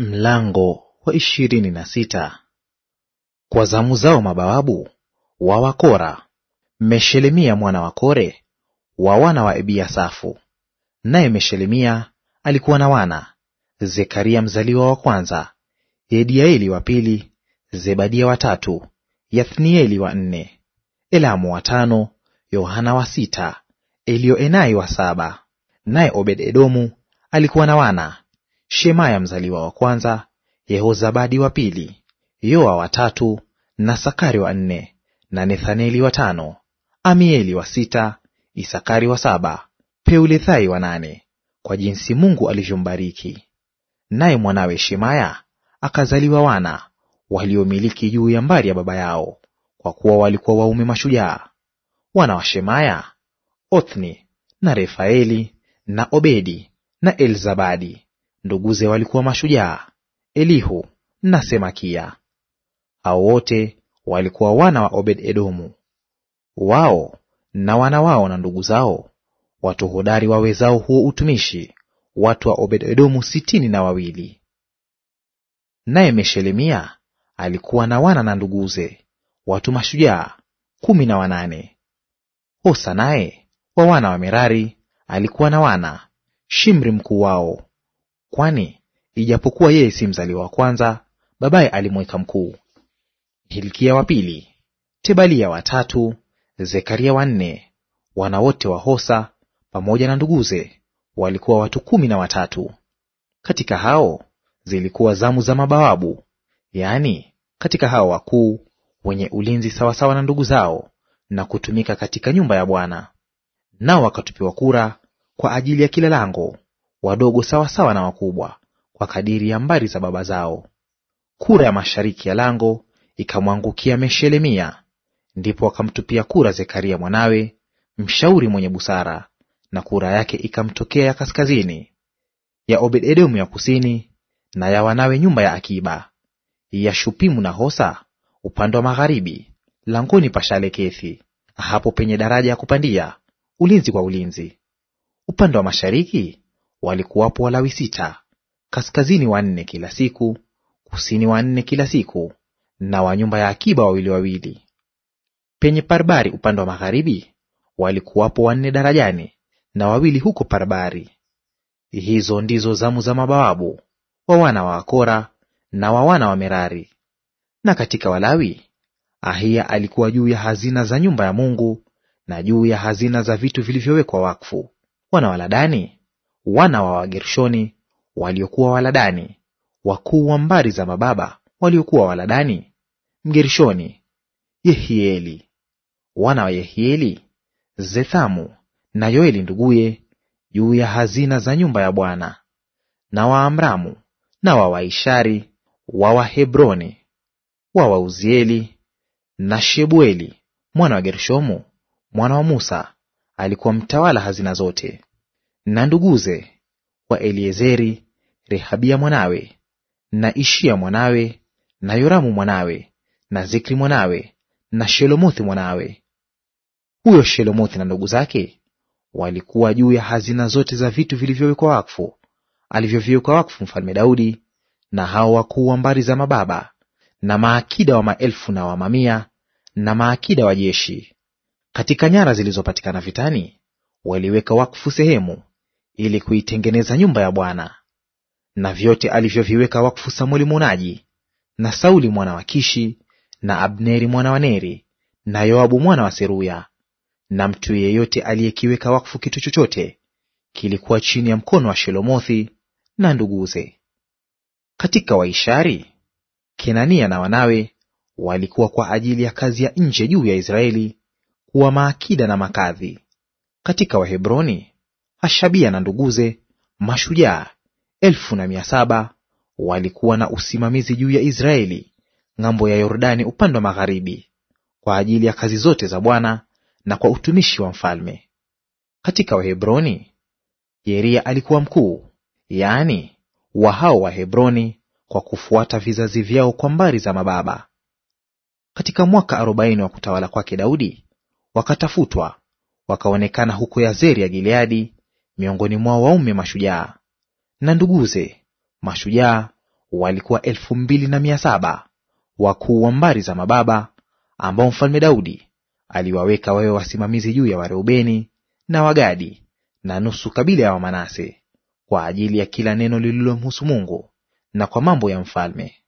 Mlango wa ishirini na sita. Kwa zamu zao mabawabu wa Wakora, Meshelemia mwana wa Kore wa wana wa Ebiasafu. Naye Meshelemia alikuwa na wana: Zekaria mzaliwa wa kwanza, Yediaeli wa pili, Zebadia wa tatu, Yathnieli wa nne, Elamu wa tano, Yohana wa sita, Elioenai wa saba. Naye Obed-Edomu alikuwa na wana Shemaya mzaliwa wa kwanza, Yehozabadi wa pili, Yoa wa tatu, na Sakari wa nne, na Nethaneli wa tano, Amieli wa sita, Isakari wa saba, Peulethai wa nane, kwa jinsi Mungu alivyombariki. Naye mwanawe Shemaya akazaliwa wana waliomiliki juu ya mbari ya baba yao, kwa kuwa walikuwa waume mashujaa. Wana wa Shemaya, Othni na Refaeli na Obedi na Elzabadi Nduguze walikuwa mashujaa, Elihu na Semakia. Hao wote walikuwa wana wa Obed-Edomu. Wao na wana wao na ndugu zao, watu hodari wawezao huo utumishi, watu wa Obed-Edomu sitini na wawili. Naye Meshelemia alikuwa na wana na nduguze, watu mashujaa kumi na wanane. Hosa naye wa wana wa Merari alikuwa na wana, Shimri mkuu wao kwani ijapokuwa yeye si mzaliwa wa kwanza, babaye alimweka mkuu. Hilkia wa pili, Tebalia wa tatu, Zekaria wa nne. Wana wote wa Hosa pamoja na nduguze walikuwa watu kumi na watatu. Katika hao zilikuwa zamu za mabawabu, yaani katika hao wakuu wenye ulinzi sawasawa na ndugu zao, na kutumika katika nyumba ya Bwana. Nao wakatupiwa kura kwa ajili ya kila lango, wadogo sawasawa na wakubwa, kwa kadiri ya mbari za baba zao. Kura ya mashariki ya lango ikamwangukia Meshelemia. Ndipo akamtupia kura Zekaria mwanawe, mshauri mwenye busara, na kura yake ikamtokea ya kaskazini, ya Obed-Edomu ya kusini, na ya wanawe nyumba ya Akiba, ya Shupimu na Hosa upande wa magharibi, langoni pa Shalekethi, hapo penye daraja ya kupandia, ulinzi kwa ulinzi. Upande wa mashariki walikuwapo Walawi sita, kaskazini wanne kila siku, kusini wanne kila siku, na wa nyumba ya akiba wawili wawili. Penye Parbari upande wa magharibi walikuwapo wanne darajani na wawili huko Parbari. Hizo ndizo zamu za mabawabu wa wana wa Akora na wa wana wa Merari. Na katika Walawi ahia alikuwa juu ya hazina za nyumba ya Mungu na juu ya hazina za vitu vilivyowekwa wakfu. Wana wa Ladani wana wa Wagershoni waliokuwa Waladani, wakuu wa mbari za mababa waliokuwa Waladani, Mgershoni Yehieli. Wana wa Yehieli, Zethamu na Yoeli nduguye, juu ya hazina za nyumba ya Bwana, na wa Amramu na wa Waishari wa Wahebroni wa Wauzieli na Shebueli mwana wa Gershomu mwana wa Musa alikuwa mtawala hazina zote na nduguze wa Eliezeri, Rehabia mwanawe na Ishia mwanawe na Yoramu mwanawe na Zikri mwanawe na Shelomothi mwanawe. Huyo Shelomothi na ndugu zake walikuwa juu ya hazina zote za vitu vilivyowekwa wakfu alivyoviweka wakfu mfalme Daudi, na hao wakuu wa mbari za mababa na maakida wa maelfu na wa mamia na maakida wa jeshi. Katika nyara zilizopatikana vitani waliweka wakfu sehemu ili kuitengeneza nyumba ya Bwana. Na vyote alivyoviweka wakfu samueli mwonaji na Sauli mwana wa Kishi na Abneri mwana wa Neri na Yoabu mwana wa Seruya, na mtu yeyote aliyekiweka wakfu kitu chochote, kilikuwa chini ya mkono wa Shelomothi na nduguze. Katika Waishari, Kenania na wanawe walikuwa kwa ajili ya kazi ya nje juu ya Israeli kuwa maakida na makadhi. Katika Wahebroni Hashabia na nduguze mashujaa elfu na mia saba walikuwa na usimamizi juu ya Israeli ng'ambo ya Yordani upande wa magharibi, kwa ajili ya kazi zote za Bwana na kwa utumishi wa mfalme. Katika Wahebroni Yeria alikuwa mkuu, yaani wa hao Wahebroni kwa kufuata vizazi vyao kwa mbari za mababa. Katika mwaka arobaini wa kutawala kwake Daudi wakatafutwa wakaonekana huko Yazeri ya Gileadi miongoni mwao waume mashujaa na nduguze mashujaa walikuwa elfu mbili na mia saba wakuu wa mbari za mababa, ambao mfalme Daudi aliwaweka wawe wasimamizi juu ya Wareubeni na Wagadi na nusu kabila ya Wamanase, kwa ajili ya kila neno lililomhusu Mungu na kwa mambo ya mfalme.